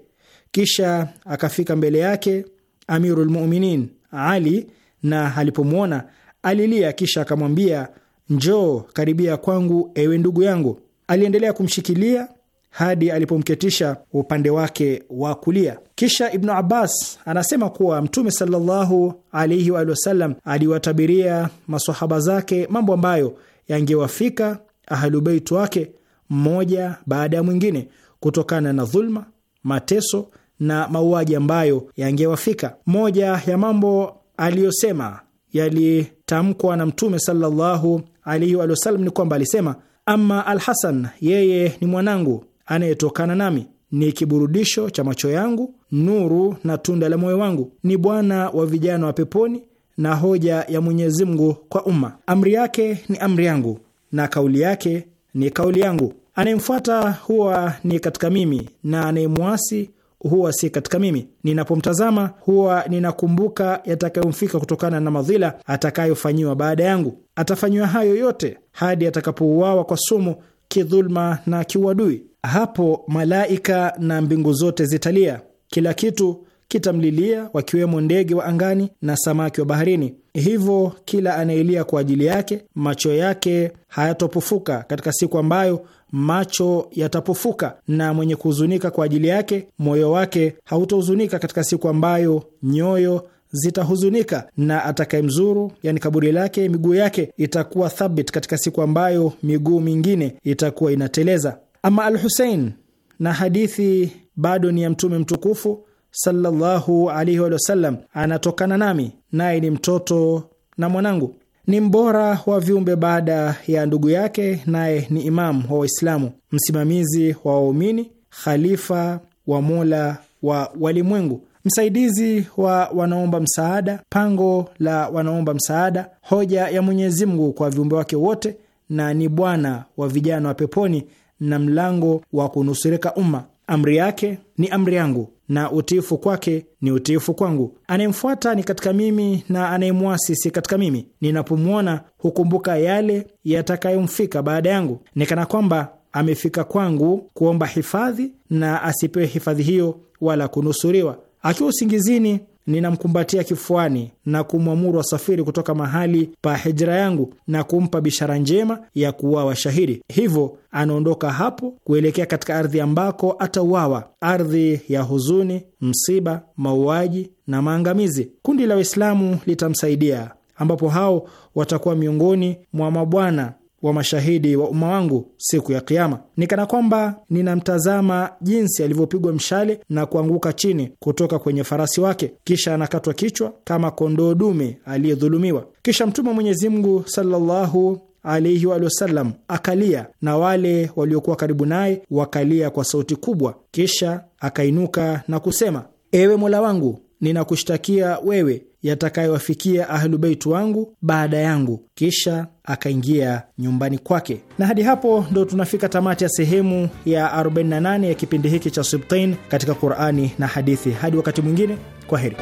kisha akafika mbele yake Amirul Mu'minin Ali, na alipomwona alilia, kisha akamwambia, njoo karibia kwangu ewe ndugu yangu. Aliendelea kumshikilia hadi alipomketisha upande wake wa kulia. Kisha Ibnu Abbas anasema kuwa Mtume sallallahu alaihi wa sallam aliwatabiria masahaba zake mambo ambayo yangewafika ahlubeit wake mmoja baada ya mwingine kutokana na dhulma, mateso na mauaji ambayo yangewafika. Moja ya mambo aliyosema yalitamkwa na Mtume sallallahu alaihi wa sallam ni kwamba alisema, ama Alhasan, yeye ni mwanangu anayetokana nami, ni kiburudisho cha macho yangu, nuru na tunda la moyo wangu, ni Bwana wa vijana wa peponi na hoja ya Mwenyezi Mungu kwa umma. Amri yake ni amri yangu na kauli yake ni kauli yangu. Anayemfuata huwa ni katika mimi na anayemwasi huwa si katika mimi. Ninapomtazama huwa ninakumbuka yatakayomfika kutokana na madhila atakayofanyiwa baada yangu. Atafanyiwa hayo yote hadi atakapouawa kwa sumu, kidhuluma na kiuadui hapo malaika na mbingu zote zitalia, kila kitu kitamlilia, wakiwemo ndege wa angani na samaki wa baharini. Hivyo kila anayelia kwa ajili yake macho yake hayatopofuka katika siku ambayo macho yatapofuka, na mwenye kuhuzunika kwa ajili yake moyo wake hautohuzunika katika siku ambayo nyoyo zitahuzunika. Na atakayemzuru, yani kaburi lake, miguu yake itakuwa thabit katika siku ambayo miguu mingine itakuwa inateleza. Ama al Husein na hadithi bado ni ya Mtume mtukufu sallallahu alaihi wa sallam, anatokana nami naye ni mtoto na mwanangu, ni mbora wa viumbe baada ya ndugu yake, naye ni imamu wa Waislamu, msimamizi wa waumini, khalifa wa mola wa walimwengu, msaidizi wa wanaomba msaada, pango la wanaomba msaada, hoja ya Mwenyezi Mungu kwa viumbe wake wote, na ni bwana wa vijana wa peponi na mlango wa kunusurika umma. Amri yake ni amri yangu na utiifu kwake ni utiifu kwangu. Anayemfuata ni katika mimi na anayemwasi si katika mimi. Ninapomwona hukumbuka yale yatakayomfika baada yangu, ni kana kwamba amefika kwangu kuomba hifadhi na asipewe hifadhi hiyo wala kunusuriwa. Akiwa usingizini ninamkumbatia kifuani na kumwamuru asafiri kutoka mahali pa hijra yangu na kumpa bishara njema ya kuuawa shahidi. Hivyo anaondoka hapo kuelekea katika ardhi ambako atauawa, ardhi ya huzuni, msiba, mauaji na maangamizi. Kundi la Waislamu litamsaidia ambapo hao watakuwa miongoni mwa mabwana wa mashahidi wa umma wangu siku ya Kiama. Nikana kwamba ninamtazama jinsi alivyopigwa mshale na kuanguka chini kutoka kwenye farasi wake, kisha anakatwa kichwa kama kondoo dume aliyedhulumiwa. Kisha Mtume wa Mwenyezi Mungu sallallahu alaihi wa sallam akalia na wale waliokuwa karibu naye wakalia kwa sauti kubwa. Kisha akainuka na kusema, ewe mola wangu, ninakushtakia wewe yatakayowafikia ahlubeit wangu baada yangu. Kisha akaingia nyumbani kwake. Na hadi hapo ndo tunafika tamati ya sehemu ya 48 ya kipindi hiki cha Sibtain katika Qurani na hadithi. Hadi wakati mwingine, kwa heri.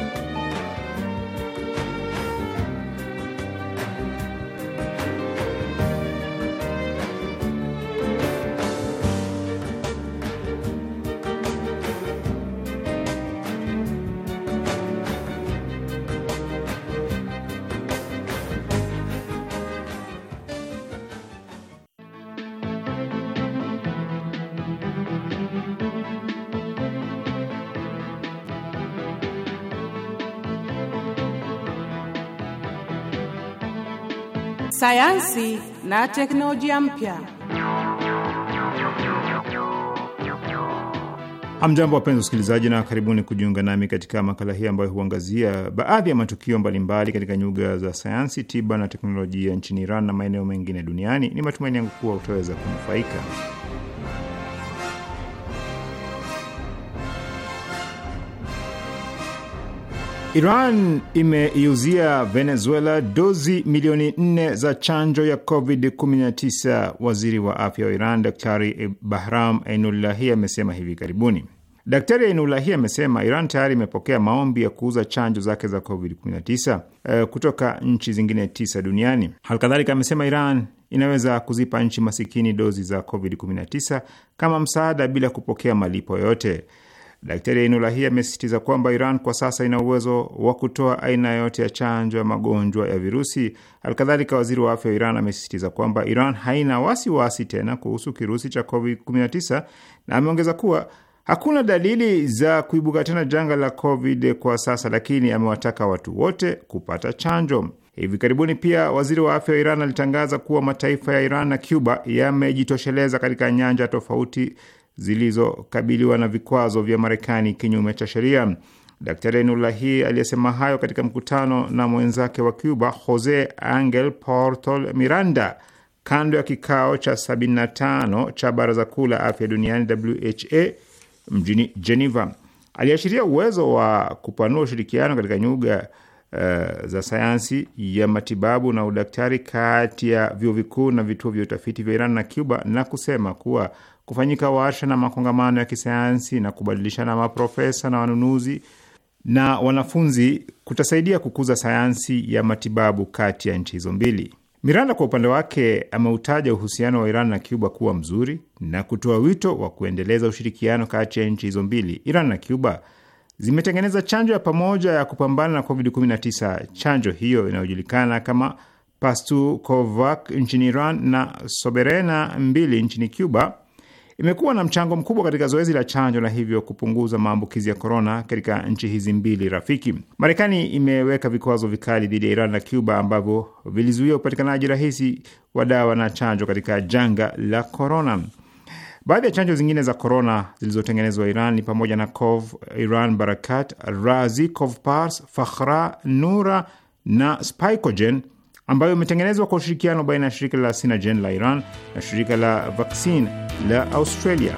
na teknolojia mpya. Hamjambo, wapenzi wasikilizaji, na karibuni kujiunga nami katika makala hii ambayo huangazia baadhi ya matukio mbalimbali katika nyuga za sayansi, tiba na teknolojia nchini Iran na maeneo mengine duniani. Ni matumaini yangu kuwa utaweza kunufaika. Iran imeiuzia Venezuela dozi milioni nne za chanjo ya COVID-19. Waziri wa afya wa Iran Daktari Bahram Ainullahi amesema hivi karibuni. Daktari Ainullahi amesema Iran tayari imepokea maombi ya kuuza chanjo zake za COVID-19 eh, kutoka nchi zingine tisa duniani. Halikadhalika amesema Iran inaweza kuzipa nchi masikini dozi za COVID-19 kama msaada bila kupokea malipo yoyote. Daktari Ainulahi amesisitiza kwamba Iran kwa sasa ina uwezo wa kutoa aina yote ya chanjo ya magonjwa ya virusi. Halikadhalika, waziri wa afya wa Iran amesisitiza kwamba Iran haina wasiwasi wasi tena kuhusu kirusi cha COVID-19 na ameongeza kuwa hakuna dalili za kuibuka tena janga la COVID kwa sasa, lakini amewataka watu wote kupata chanjo. Hivi karibuni pia waziri wa afya wa Iran alitangaza kuwa mataifa ya Iran na Cuba yamejitosheleza katika nyanja tofauti zilizokabiliwa na vikwazo vya Marekani kinyume cha sheria. Daktari Nulahi aliyesema hayo katika mkutano na mwenzake wa Cuba Jose Angel Portal Miranda kando ya kikao cha 75 cha Baraza Kuu la Afya Duniani WHA mjini Geneva. Aliashiria uwezo wa kupanua ushirikiano katika nyuga uh, za sayansi ya matibabu na udaktari kati ya vyuo vikuu na vituo vya utafiti vya Iran na Cuba na kusema kuwa kufanyika warsha na makongamano ya kisayansi na kubadilishana maprofesa na wanunuzi na wanafunzi kutasaidia kukuza sayansi ya matibabu kati ya nchi hizo mbili. Miranda kwa upande wake ameutaja uhusiano wa Iran na Cuba kuwa mzuri na kutoa wito wa kuendeleza ushirikiano kati ya nchi hizo mbili. Iran na Cuba zimetengeneza chanjo ya pamoja ya kupambana na COVID-19. Chanjo hiyo inayojulikana kama Pastukovac nchini Iran na Soberena mbili nchini Cuba imekuwa na mchango mkubwa katika zoezi la chanjo na hivyo kupunguza maambukizi ya korona katika nchi hizi mbili rafiki. Marekani imeweka vikwazo vikali dhidi ya Iran na Cuba ambavyo vilizuia upatikanaji rahisi wa dawa na chanjo katika janga la korona. Baadhi ya chanjo zingine za korona zilizotengenezwa Iran ni pamoja na Cov Iran Barakat, Razi, Cov Pars, Fakhra, Nura na Spicogen ambayo imetengenezwa kwa ushirikiano baina ya shirika la Sinagen la Iran na shirika la Vaksin la Australia.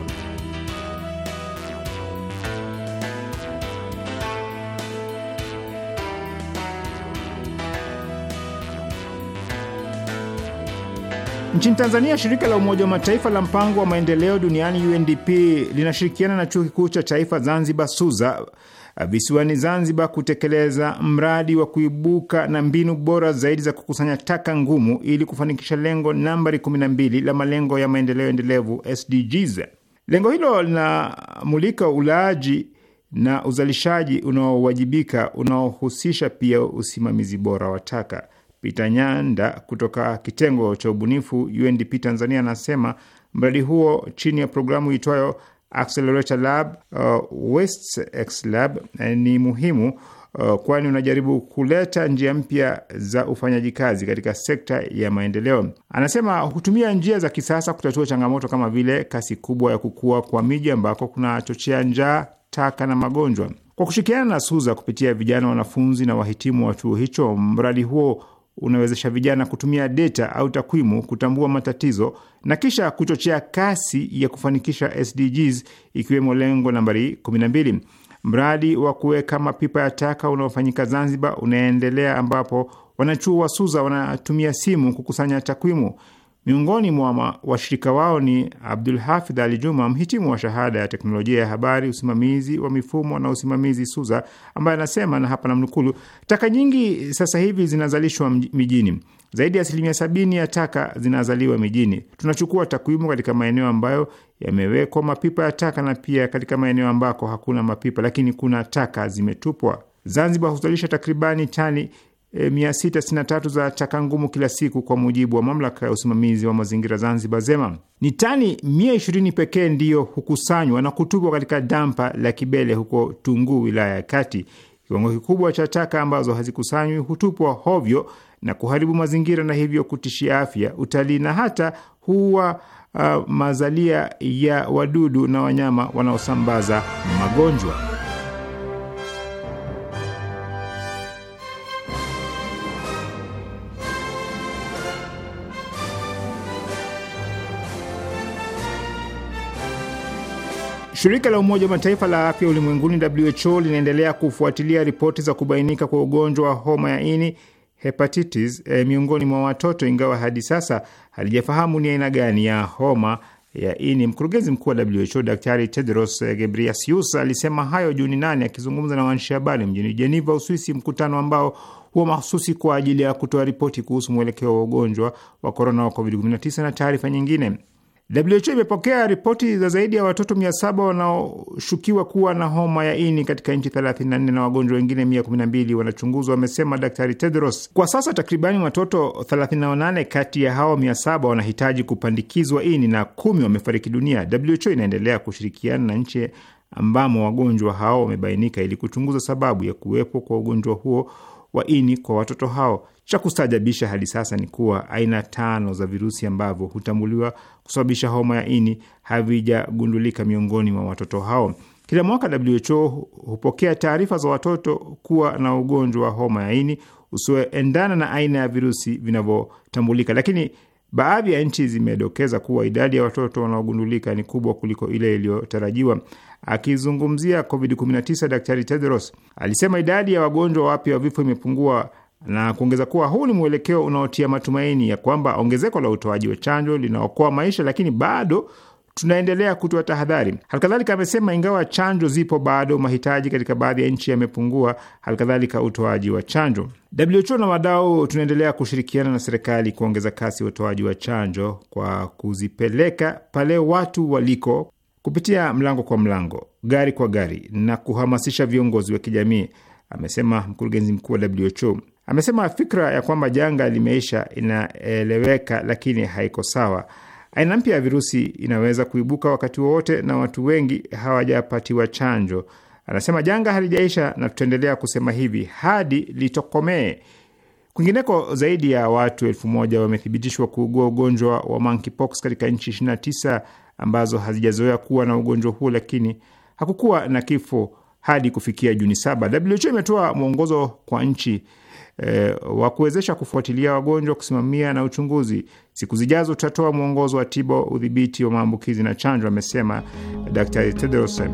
Nchini Tanzania, shirika la Umoja wa Mataifa la mpango wa maendeleo duniani UNDP linashirikiana na chuo kikuu cha taifa Zanzibar, SUZA visiwani Zanzibar kutekeleza mradi wa kuibuka na mbinu bora zaidi za kukusanya taka ngumu ili kufanikisha lengo nambari 12 la malengo ya maendeleo endelevu SDGs. Lengo hilo linamulika ulaaji na uzalishaji unaowajibika unaohusisha pia usimamizi bora wa taka. Pita Nyanda kutoka kitengo cha ubunifu UNDP Tanzania anasema mradi huo chini ya programu itwayo Accelerator Lab, uh, X Lab ni muhimu uh, kwani unajaribu kuleta njia mpya za ufanyaji kazi katika sekta ya maendeleo. Anasema hutumia njia za kisasa kutatua changamoto kama vile kasi kubwa ya kukua kwa miji ambako kunachochea njaa, taka na magonjwa. Kwa kushirikiana na SUZA kupitia vijana, wanafunzi na wahitimu wa chuo hicho, mradi huo unawezesha vijana kutumia data au takwimu kutambua matatizo na kisha kuchochea kasi ya kufanikisha SDGs ikiwemo lengo nambari 12. Mradi wa kuweka mapipa ya taka unaofanyika Zanzibar unaendelea ambapo wanachuo wa SUZA wanatumia simu kukusanya takwimu Miongoni mwa washirika wao ni Abdul Hafidh Ali Juma, mhitimu wa shahada ya teknolojia ya habari, usimamizi wa mifumo na usimamizi SUZA, ambaye anasema na hapa namnukulu, taka nyingi sasa hivi zinazalishwa mijini. Zaidi ya asilimia sabini ya taka zinazaliwa mijini. Tunachukua takwimu katika maeneo ambayo yamewekwa mapipa ya taka na pia katika maeneo ambako hakuna mapipa, lakini kuna taka zimetupwa. Zanzibar huzalisha takribani tani 663 e, za taka ngumu kila siku kwa mujibu wa mamlaka ya usimamizi wa mazingira Zanzibar ZEMA. Ni tani 120 pekee ndiyo hukusanywa na kutupwa katika dampa la Kibele huko Tunguu, wilaya ya Kati. Kiwango kikubwa cha taka ambazo hazikusanywi hutupwa hovyo na kuharibu mazingira na hivyo kutishia afya, utalii na hata huwa uh, mazalia ya wadudu na wanyama wanaosambaza magonjwa. Shirika la Umoja wa Mataifa la afya ulimwenguni WHO linaendelea kufuatilia ripoti za kubainika kwa ugonjwa wa homa ya ini hepatitis, e, miongoni mwa watoto, ingawa hadi sasa halijafahamu ni aina gani ya homa ya ini. Mkurugenzi mkuu wa WHO Daktari Tedros Ghebreyesus alisema hayo Juni nane akizungumza na waandishi habari mjini Jeneva, Uswisi, mkutano ambao huwa mahususi kwa ajili ya kutoa ripoti kuhusu mwelekeo wa ugonjwa wa korona wa COVID-19 na taarifa nyingine. WHO imepokea ripoti za zaidi ya watoto 700 wanaoshukiwa kuwa na homa ya ini katika nchi 34 na wagonjwa wengine 112 wanachunguzwa, wamesema Daktari Tedros. Kwa sasa takribani watoto 38 kati ya hao 700 wanahitaji kupandikizwa ini na kumi wamefariki dunia. WHO inaendelea kushirikiana na nchi ambamo wagonjwa hao wamebainika ili kuchunguza sababu ya kuwepo kwa ugonjwa huo wa ini kwa watoto hao. Cha kustaajabisha hadi sasa ni kuwa aina tano za virusi ambavyo hutambuliwa kusababisha homa ya ini havijagundulika miongoni mwa watoto hao. Kila mwaka WHO hupokea taarifa za watoto kuwa na ugonjwa wa homa ya ini usioendana na aina ya virusi vinavyotambulika, lakini Baadhi ya nchi zimedokeza kuwa idadi ya watoto wanaogundulika ni kubwa kuliko ile iliyotarajiwa. Akizungumzia COVID-19, Daktari Tedros alisema idadi ya wagonjwa wapya wa vifo imepungua na kuongeza kuwa huu ni mwelekeo unaotia matumaini ya kwamba ongezeko la utoaji wa chanjo linaokoa maisha, lakini bado tunaendelea kutoa tahadhari. Halikadhalika amesema ingawa chanjo zipo, bado mahitaji katika baadhi ya nchi yamepungua, halikadhalika utoaji wa chanjo. WHO na wadau tunaendelea kushirikiana na serikali kuongeza kasi ya utoaji wa chanjo kwa kuzipeleka pale watu waliko kupitia mlango kwa mlango, gari kwa gari na kuhamasisha viongozi wa kijamii, amesema mkurugenzi mkuu wa WHO. Amesema fikra ya kwamba janga limeisha inaeleweka, lakini haiko sawa. Aina mpya ya virusi inaweza kuibuka wakati wowote na watu wengi hawajapatiwa chanjo. Anasema janga halijaisha na tutaendelea kusema hivi hadi litokomee. Kwingineko, zaidi ya watu elfu moja wamethibitishwa kuugua ugonjwa wa monkeypox katika nchi 29 ambazo hazijazoea kuwa na ugonjwa huo, lakini hakukuwa na kifo hadi kufikia Juni saba. WHO imetoa mwongozo kwa nchi Eh, wa kuwezesha kufuatilia wagonjwa, kusimamia na uchunguzi. Siku zijazo tutatoa mwongozo wa tiba, udhibiti wa maambukizi na chanjo, amesema Daktari tedrosen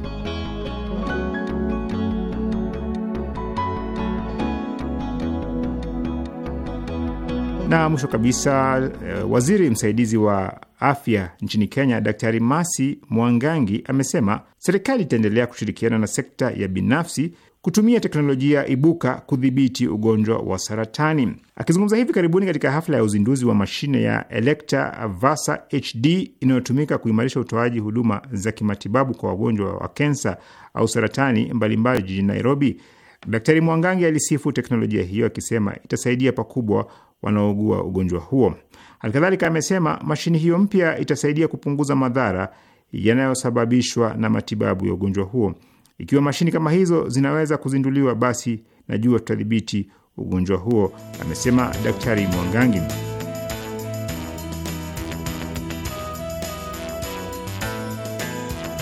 Na mwisho kabisa, eh, waziri msaidizi wa afya nchini Kenya, Daktari Masi Mwangangi amesema serikali itaendelea kushirikiana na sekta ya binafsi kutumia teknolojia ibuka kudhibiti ugonjwa wa saratani. Akizungumza hivi karibuni katika hafla ya uzinduzi wa mashine ya Elekta Vasa HD inayotumika kuimarisha utoaji huduma za kimatibabu kwa wagonjwa wa kensa au saratani mbalimbali jijini Nairobi, Daktari Mwangangi alisifu teknolojia hiyo akisema itasaidia pakubwa wanaougua ugonjwa huo. Halikadhalika amesema mashine hiyo mpya itasaidia kupunguza madhara yanayosababishwa na matibabu ya ugonjwa huo. Ikiwa mashini kama hizo zinaweza kuzinduliwa, basi najua tutadhibiti ugonjwa huo, amesema Daktari Mwangangi.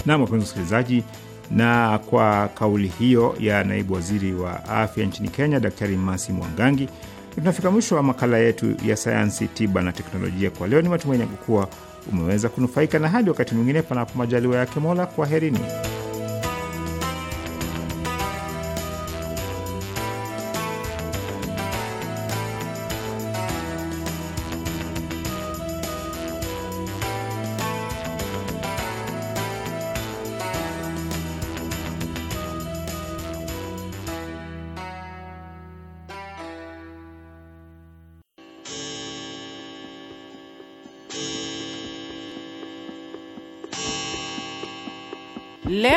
Nam, wapenzi wasikilizaji, na kwa kauli hiyo ya naibu waziri wa afya nchini Kenya, Daktari Masi Mwangangi, tunafika mwisho wa makala yetu ya sayansi, tiba na teknolojia kwa leo. Ni matumaini yangu kuwa umeweza kunufaika, na hadi wakati mwingine, panapo majaliwa yake Mola, kwaherini.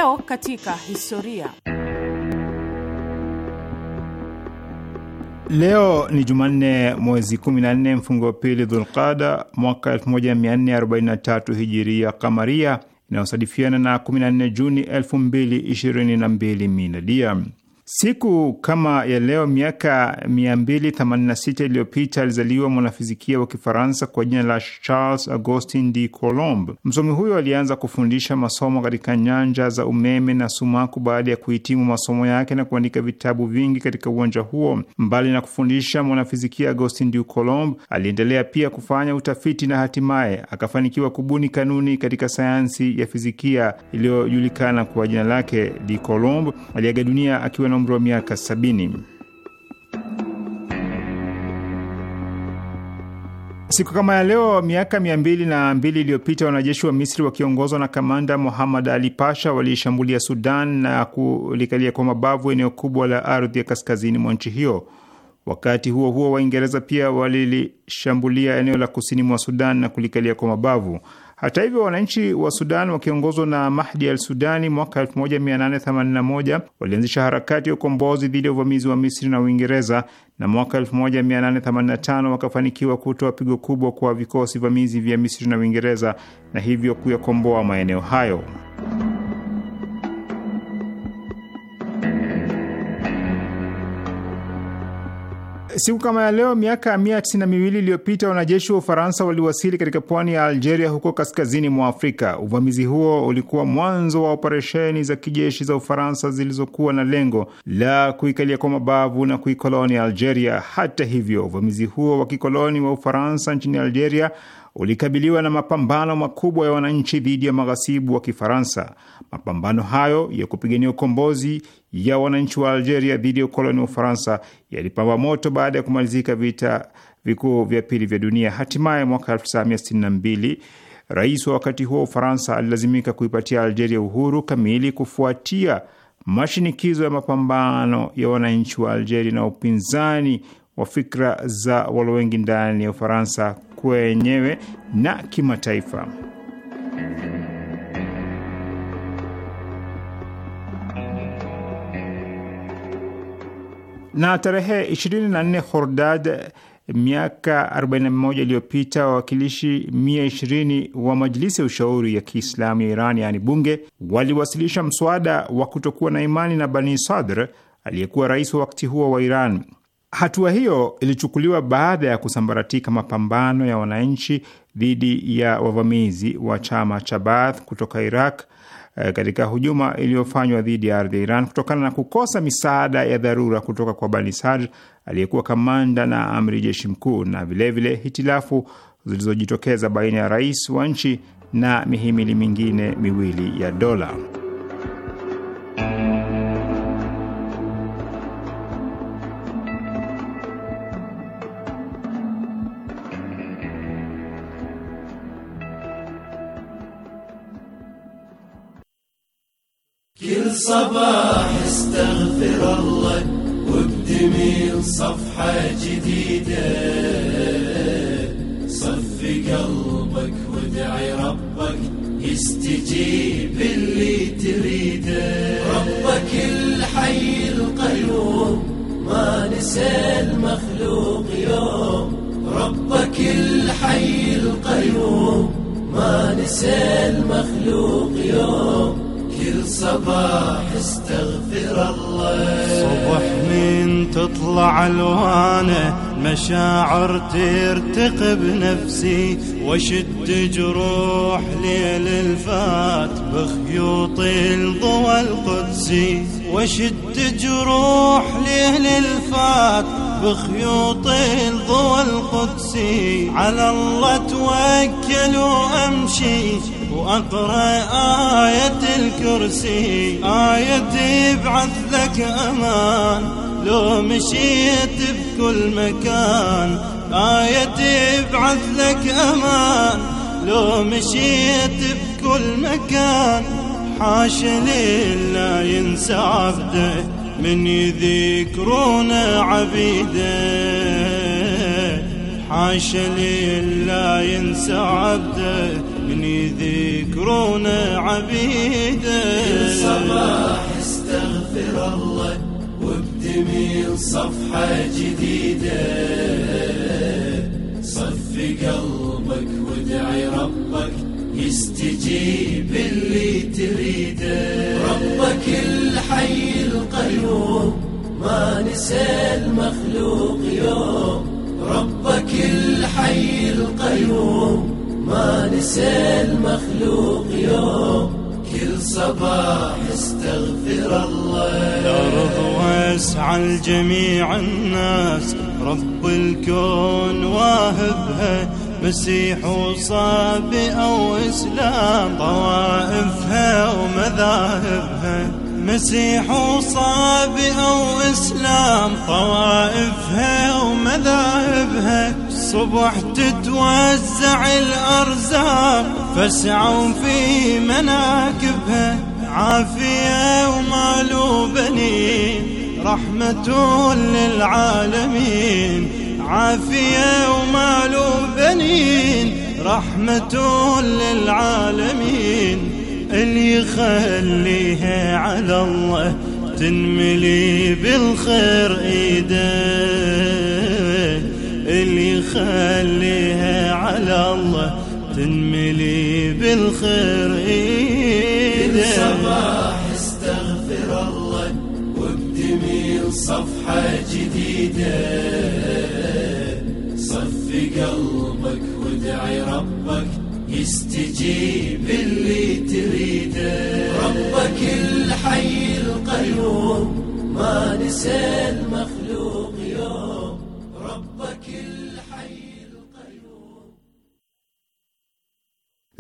Leo katika historia. Leo ni Jumanne, mwezi 14 mfungo wa pili Dhulqada mwaka 1443 hijiria kamaria inayosadifiana na 14 Juni 2022 minadia. Siku kama ya leo miaka 286 iliyopita alizaliwa mwanafizikia wa Kifaransa kwa jina la Charles Augustin de Coulomb. Msomi huyo alianza kufundisha masomo katika nyanja za umeme na sumaku baada ya kuhitimu masomo yake na kuandika vitabu vingi katika uwanja huo. Mbali na kufundisha, mwanafizikia Augustin de Coulomb aliendelea pia kufanya utafiti na hatimaye akafanikiwa kubuni kanuni katika sayansi ya fizikia iliyojulikana kwa jina lake. De Coulomb aliaga dunia akiwa na na umri wa miaka sabini. Siku kama ya leo miaka mia mbili na mbili iliyopita wanajeshi wa Misri wakiongozwa na kamanda Muhammad Ali Pasha waliishambulia Sudan na kulikalia kwa mabavu eneo kubwa la ardhi ya kaskazini mwa nchi hiyo. Wakati huo huo, Waingereza pia walilishambulia eneo la kusini mwa Sudan na kulikalia kwa mabavu. Hata hivyo, wananchi wa Sudan wakiongozwa na Mahdi al Sudani mwaka 1881 walianzisha harakati ya ukombozi dhidi ya uvamizi wa Misri na Uingereza, na mwaka 1885 wakafanikiwa kutoa pigo kubwa kwa vikosi vamizi vya Misri na Uingereza na hivyo kuyakomboa maeneo hayo. Siku kama ya leo miaka mia tisini na miwili iliyopita wanajeshi wa Ufaransa waliwasili katika pwani ya Algeria huko kaskazini mwa Afrika. Uvamizi huo ulikuwa mwanzo wa operesheni za kijeshi za Ufaransa zilizokuwa na lengo la kuikalia kwa mabavu na kuikoloni Algeria. Hata hivyo, uvamizi huo wa kikoloni wa Ufaransa nchini Algeria ulikabiliwa na mapambano makubwa ya wananchi dhidi ya maghasibu wa Kifaransa. Mapambano hayo ya kupigania ukombozi ya wananchi wa Algeria dhidi ya ukoloni wa Ufaransa yalipamba moto baada ya kumalizika vita vikuu vya pili vya dunia. Hatimaye mwaka 1962 rais wa wakati huo Ufaransa alilazimika kuipatia Algeria uhuru kamili kufuatia mashinikizo ya mapambano ya wananchi wa Algeria na upinzani wa fikra za walowengi wengi ndani ya Ufaransa kwenyewe na kimataifa. Na tarehe 24 Hordad miaka 41 iliyopita wawakilishi 120 wa Majilisi ya Ushauri ya Kiislamu ya Iran, yaani bunge, waliwasilisha mswada wa kutokuwa na imani na Bani Sadr aliyekuwa rais wa wakati huo wa Iran. Hatua hiyo ilichukuliwa baada ya kusambaratika mapambano ya wananchi dhidi ya wavamizi wa chama cha Baath kutoka Iraq eh, katika hujuma iliyofanywa dhidi ya ardhi ya Iran kutokana na kukosa misaada ya dharura kutoka kwa Banisar aliyekuwa kamanda na amri jeshi mkuu, na vilevile vile hitilafu zilizojitokeza baina ya rais wa nchi na mihimili mingine miwili ya dola. صباح استغفر الله وابتمي صفحة جديدة صفي قلبك وادعي ربك يستجيب اللي تريده ربك الحي القيوم ما نسى المخلوق يوم ربك الحي القيوم ما نسى المخلوق يوم كل صباح استغفر الله صبح من تطلع الوانه مشاعر ترتق بنفسي وشد جروح ليل الفات بخيوط الضوى القدسي وشد جروح ليل الفات بخيوط الضوى القدسي على الله توكل وامشي وأقرأ آية الكرسي آيتي يبعث لك أمان لو مشيت بكل مكان آيتي يبعث لك أمان لو مشيت بكل مكان حاش لا ينسى عبده من يذكرون عبيده حاش لله ينسى عبده من يذكرون عبيده كل صباح استغفر الله وابتمي صفحة جديدة صف قلبك وادعي ربك يستجيب اللي تريده ربك الحي القيوم ما نسى المخلوق يوم ربك الحي القيوم ما نسى المخلوق يوم كل صباح استغفر الله الأرض واسعة لجميع الناس رب الكون واهبها مسيح وصابي أو إسلام طوائفها ومذاهبها مسيح وصابي أو إسلام طوائفها ومذاهبها صبح تتوزع الأرزاق فاسعوا في مناكبها عافية ومال بنين رحمة للعالمين عافية ومال بنين رحمة للعالمين اللي يخليها على الله تنملي بالخير ايده خليها على الله تنملي بالخير ايده صباح استغفر الله وابتمي صفحة جديدة صفي قلبك وادعي ربك يستجيب اللي تريده ربك الحي القيوم ما نسى المخلوق